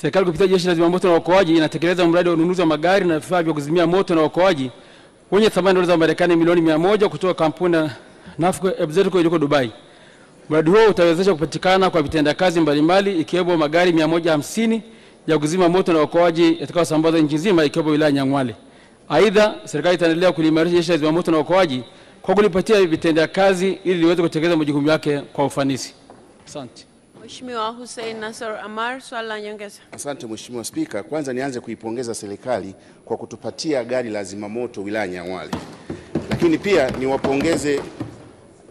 Serikali kupitia Jeshi la Zimamoto na Uokoaji inatekeleza mradi wa ununuzi wa magari na vifaa vya kuzimia moto na uokoaji wenye thamani dola za Marekani milioni mia moja kutoka kampuni ya NAFCO iliyoko Dubai. Mradi huo utawezesha kupatikana kwa vitendakazi mbalimbali ikiwemo magari 150 ya kuzima moto na uokoaji yatakayosambaza nchi nzima ikiwemo wilaya Nyang'wale. Aidha, serikali itaendelea kuliimarisha jeshi la zimamoto na uokoaji kwa kulipatia vitendakazi ili liweze kutekeleza majukumu yake kwa ufanisi. Asante. Mheshimiwa Hussein Nasor Amar, swali la nyongeza. Asante Mheshimiwa Spika, kwanza nianze kuipongeza serikali kwa kutupatia gari la zimamoto wilaya Nyang'hwale, lakini pia niwapongeze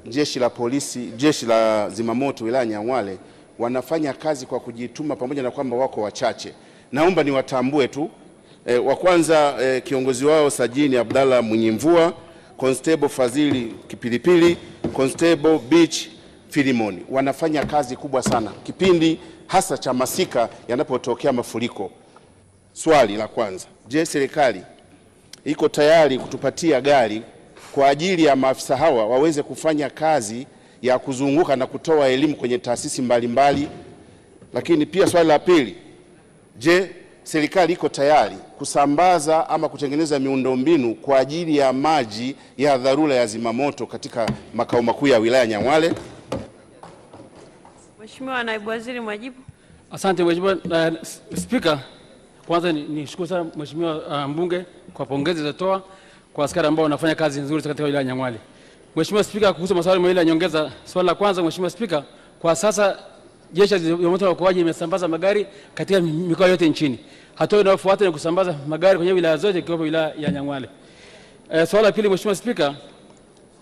jeshi la polisi, jeshi la zimamoto wilaya Nyang'hwale wanafanya kazi kwa kujituma, pamoja na kwamba wako wachache. Naomba niwatambue tu e, wa kwanza e, kiongozi wao Sajini Abdalla Mwinyimvua, Constable fazili Kipilipili, Constable Beach Filimoni wanafanya kazi kubwa sana kipindi hasa cha masika yanapotokea mafuriko. Swali la kwanza, je, serikali iko tayari kutupatia gari kwa ajili ya maafisa hawa waweze kufanya kazi ya kuzunguka na kutoa elimu kwenye taasisi mbalimbali mbali? Lakini pia swali la pili, je, serikali iko tayari kusambaza ama kutengeneza miundombinu kwa ajili ya maji ya dharura ya zimamoto katika makao makuu ya wilaya Nyang'hwale? Mheshimiwa Naibu Waziri Mwajibu. Asante Mheshimiwa uh, Spika, kwanza nishukuru ni sana Mheshimiwa uh, mbunge kwa pongezi zilizotoa kwa askari ambao wanafanya kazi nzuri katika wilaya ya Nyang'hwale. Mheshimiwa Spika, kuhusu maswali mawili ya nyongeza, swali la kwanza Mheshimiwa Spika, kwa sasa jeshi la zimamoto na uokoaji imesambaza magari katika mikoa yote nchini. Hatua inayofuata ni kusambaza magari kwenye wilaya zote ikiwepo wilaya ya Nyang'hwale. E, eh, swali la pili Mheshimiwa Spika,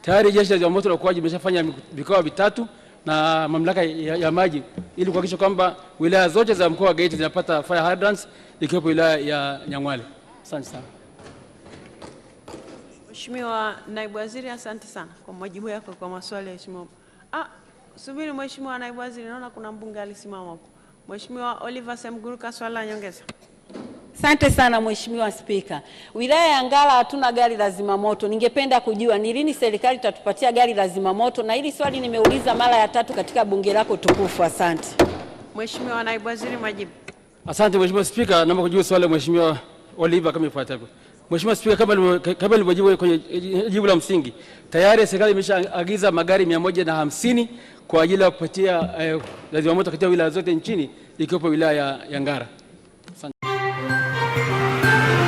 tayari jeshi la zimamoto na uokoaji limeshafanya mikoa mitatu na mamlaka ya, ya maji ili kuhakikisha kwamba wilaya zote za mkoa wa Geita zinapata fire hydrants ikiwepo wilaya ya Nyang'wale. Asante sana. Mheshimiwa Naibu Waziri, asante sana kwa majibu yako kwa maswali ya Mheshimiwa. Ah, subiri Mheshimiwa Naibu Waziri, naona kuna mbunge alisimama huko. Mheshimiwa Oliver Semguruka, swali la nyongeza. Asante sana Mheshimiwa Spika. Wilaya ya Ngara hatuna gari la zimamoto. Ningependa kujua ni lini serikali itatupatia gari la zimamoto, na hili swali nimeuliza mara ya tatu katika bunge lako tukufu. Asante Mheshimiwa Naibu Waziri, majibu. Asante Mheshimiwa Spika, naomba kujibu swali la Mheshimiwa Oliva kama ifuatavyo. Mheshimiwa Spika, kama ilivyojibu kwenye jibu la msingi, tayari serikali imeshaagiza magari mia moja na hamsini kwa ajili ya kupatia eh, la zimamoto katika wilaya zote nchini ikiwepo wilaya ya Ngara. うん。